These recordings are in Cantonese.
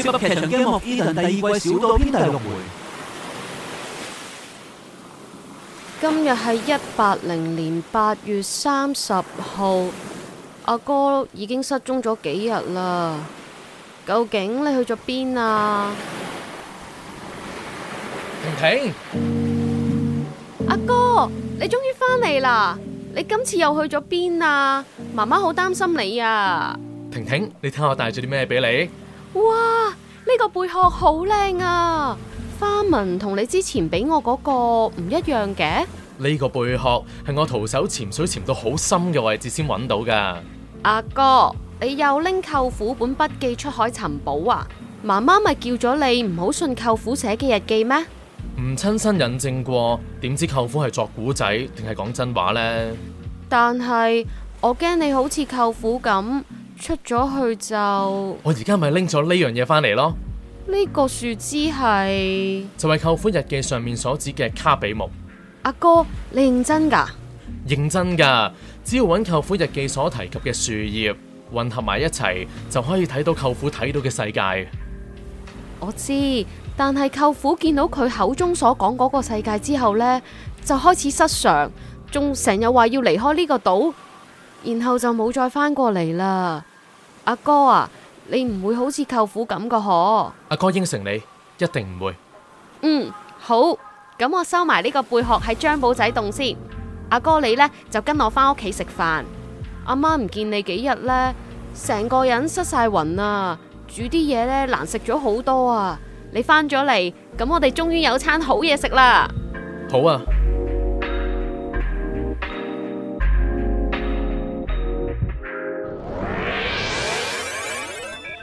Zip 噏劇場 Game of Eden 第二季小島篇第六回。今日係一八零年八月三十號。阿哥已經失蹤咗幾日啦？究竟你去咗邊啊？婷婷，阿哥，你終於返嚟啦！你今次又去咗邊啊？媽媽好擔心你啊！婷婷，你睇下我帶咗啲咩俾你。哇！呢個貝殼好靚啊，花紋同你之前俾我嗰個唔一樣嘅。呢個貝殼係我徒手潛水潛到好深嘅位置先揾到噶。阿哥，你又拎舅父本筆記出海尋寶啊？媽媽咪叫咗你唔好信舅父寫嘅日記咩？唔親身印證過，點知舅父係作古仔定係講真話呢？但係我驚你好似舅父咁。出咗去就，我而家咪拎咗呢樣嘢返嚟咯。呢個樹枝係，就係舅父日記上面所指嘅卡比木。阿哥，你認真噶？認真噶。只要揾舅父日記所提及嘅樹葉混合埋一齊，就可以睇到舅父睇到嘅世界。我知，但係舅父見到佢口中所講嗰個世界之後呢，就開始失常，仲成日話要離開呢個島，然後就冇再翻過嚟啦。阿哥啊，你唔會好似舅父咁㗎呵？阿哥應承你一定唔會。嗯，好，咁我收埋呢個貝殼喺張保仔洞先。阿哥你呢，就跟我返屋企食飯。阿媽唔見你幾日呢，成個人失晒魂啊。煮啲嘢呢難食咗好多啊。你返咗嚟，咁我哋終於有餐好嘢食啦。好啊。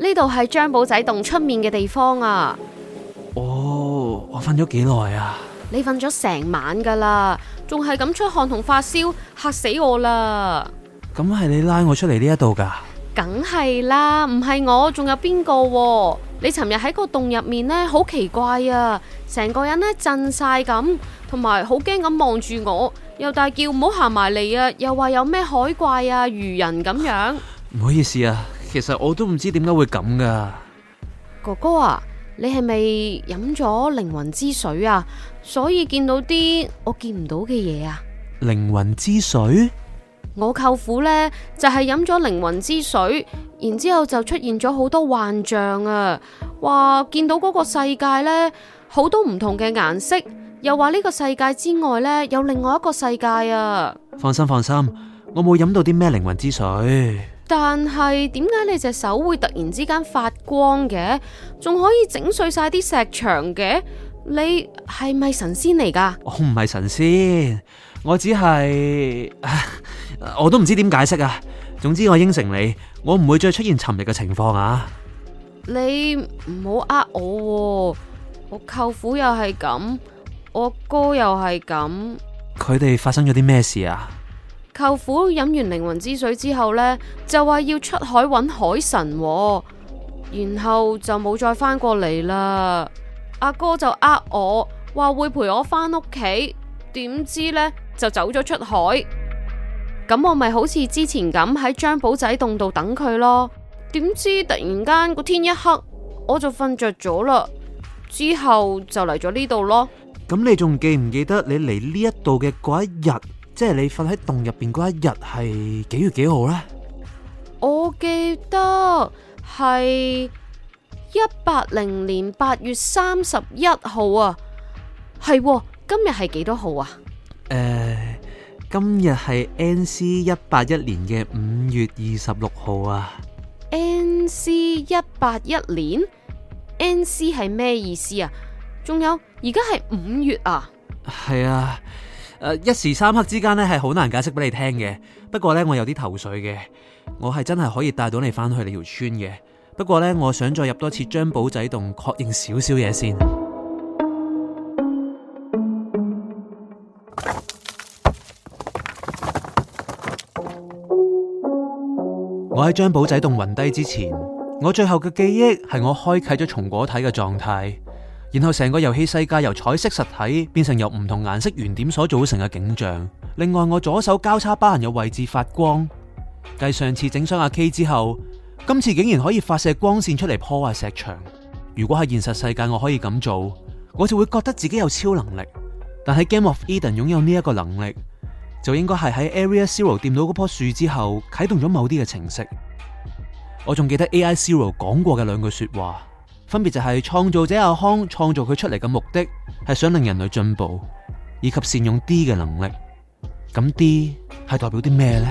呢度係張保仔洞出面嘅地方啊！哦，我瞓咗幾耐啊？你瞓咗成晚噶啦，仲係咁出汗同發燒，嚇死我啦！咁係你拉我出嚟呢一度噶？梗係啦，唔係我，仲有邊個？你尋日喺個洞入面呢，好奇怪啊！成個人咧震晒咁，同埋好驚咁望住我，又大叫唔好行埋嚟啊！又話有咩海怪啊、漁人咁樣。唔好意思啊。其實我都唔知點解會咁噶，哥哥啊，你係咪飲咗靈魂之水啊？所以見到啲我見唔到嘅嘢啊？靈魂之水？我舅父呢，就係飲咗靈魂之水，然之後就出現咗好多幻象啊！話見到嗰個世界呢，好多唔同嘅顏色，又話呢個世界之外呢，有另外一個世界啊！放心放心，我冇飲到啲咩靈魂之水。但係點解你隻手會突然之間發光嘅？仲可以整碎晒啲石牆嘅？你係咪神仙嚟噶？我唔係神仙，我只係我都唔知點解釋啊。總之我應承你，我唔會再出現尋日嘅情況啊。你唔好呃我喎，我舅父又係咁，我哥又係咁，佢哋發生咗啲咩事啊？舅父飲完靈魂之水之後呢，就話要出海揾海神喎，然後就冇再返過嚟啦。阿哥就呃我，話會陪我返屋企，點知呢，就走咗出海。咁我咪好似之前咁喺張保仔洞度等佢咯。點知突然間個天一黑，我就瞓着咗啦。之後就嚟咗呢度咯。咁你仲記唔記得你嚟呢一度嘅嗰一日？即係你瞓喺洞入邊嗰一日係幾月幾號呢？我記得係一八零年八月三十一號啊。係喎，今日係幾多號啊？誒、呃，今日係 N C 一八一年嘅五月二十六號啊 N。N C 一八一年，N C 係咩意思啊？仲有而家係五月啊？係啊。一時三刻之間咧係好難解釋俾你聽嘅。不過呢，我有啲頭緒嘅，我係真係可以帶到你翻去你條村嘅。不過呢，我想再入多次張保仔洞確認少少嘢先。我喺張保仔洞暈低之前，我最後嘅記憶係我開啟咗松果體嘅狀態。然後成個遊戲世界由彩色實體變成由唔同顏色圓點所組成嘅景象。另外，我左手交叉疤痕嘅位置發光。繼上次整傷阿 K 之後，今次竟然可以發射光線出嚟破壞石牆。如果喺現實世界我可以咁做，我就會覺得自己有超能力。但係 Game of Eden 擁有呢一個能力，就應該係喺 Area Zero 掂到嗰棵樹之後啟動咗某啲嘅程式。我仲記得 AI Zero 講過嘅兩句說話。分別就係創造者阿康創造佢出嚟嘅目的係想令人類進步，以及善用 D 嘅能力。咁 D 係代表啲咩呢？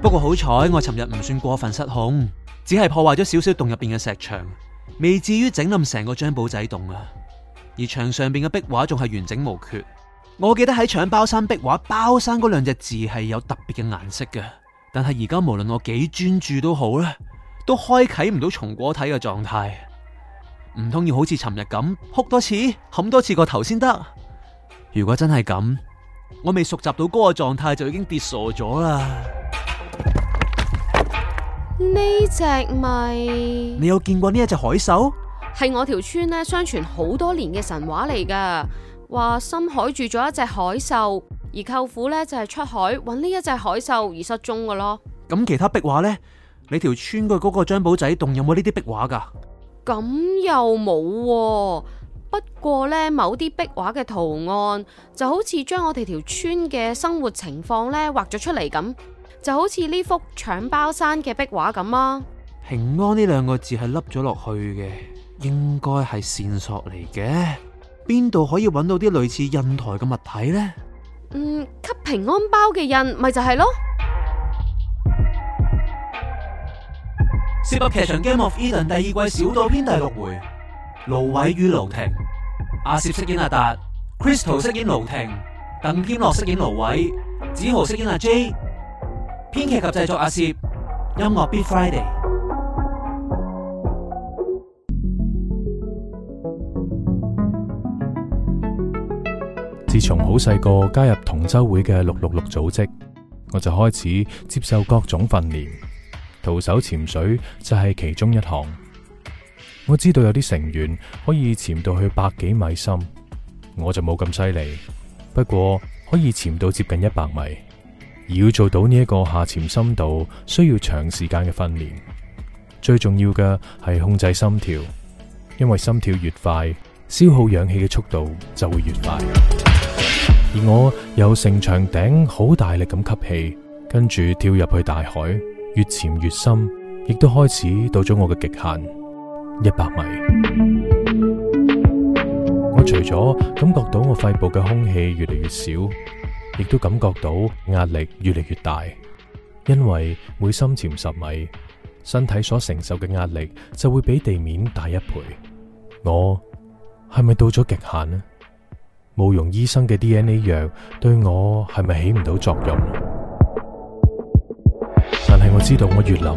不過好彩，我尋日唔算過分失控，只係破壞咗少少洞入邊嘅石牆，未至於整冧成個張保仔洞啊！而牆上邊嘅壁畫仲係完整無缺。我記得喺搶包山壁畫，包山嗰兩隻字係有特別嘅顏色嘅，但係而家無論我幾專注都好啦。都開啟唔到松果體嘅狀態，唔通要好似尋日咁仆多次、冚多次個頭先得？如果真係咁，我未熟習到嗰個狀態就已經跌傻咗啦！呢隻咪？你有見過呢一隻海獸？係我條村咧，相傳好多年嘅神話嚟噶，話深海住咗一隻海獸，而舅父咧就係出海揾呢一隻海獸而失蹤嘅咯。咁其他壁畫呢？你條村嘅嗰個張保仔洞有冇呢啲壁畫噶？咁又冇、喎，不過呢，某啲壁畫嘅圖案就好似將我哋條村嘅生活情況呢畫咗出嚟咁，就好似呢幅搶包山嘅壁畫咁啊！平安呢兩個字係凹咗落去嘅，應該係線索嚟嘅。邊度可以揾到啲類似印台嘅物體呢？嗯，吸平安包嘅印咪就係、是、咯。Zip 噏劇場《Game of Eden》第二季小島篇第六回，盧葦與盧婷，阿攝飾演阿達，Crystal 飾演盧婷，鄧添樂飾演盧葦，梓豪飾演阿 J，編劇及製作阿攝，音樂 Beatfriday。自從好細個加入同舟會嘅六六六組織，我就開始接受各種訓練。徒手潛水就係其中一項，我知道有啲成員可以潛到去百幾米深，我就冇咁犀利，不過可以潛到接近一百米。而要做到呢一個下潛深度，需要長時間嘅訓練。最重要嘅係控制心跳，因為心跳越快，消耗氧氣嘅速度就會越快。而我由城牆頂好大力咁吸氣，跟住跳入去大海。越潛越深，亦都開始到咗我嘅極限，一百米。我除咗感覺到我肺部嘅空氣越嚟越少，亦都感覺到壓力越嚟越大。因為每深潛十米，身體所承受嘅壓力就會比地面大一倍。我係咪到咗極限呢？慕容醫生嘅 DNA 藥對我係咪起唔到作用？知道我越諗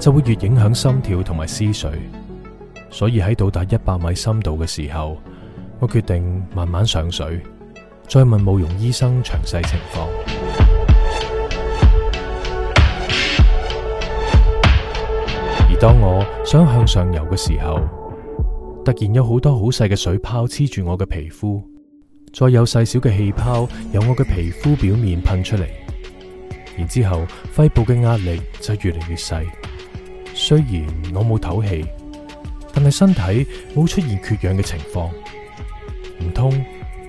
就會越影響心跳同埋思緒，所以喺到達一百米深度嘅時候，我決定慢慢上水，再問慕容醫生詳細情況。而當我想向上游嘅時候，突然有好多好細嘅水泡黐住我嘅皮膚，再有細小嘅氣泡由我嘅皮膚表面噴出嚟。然之後，肺部嘅壓力就越嚟越細。雖然我冇唞氣，但係身體冇出現缺氧嘅情況。唔通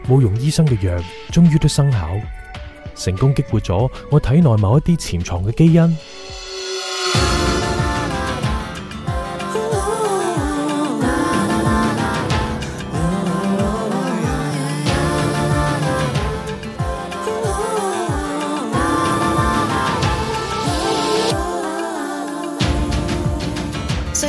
冇用醫生嘅藥，終於都生效，成功激活咗我體內某一啲潛藏嘅基因。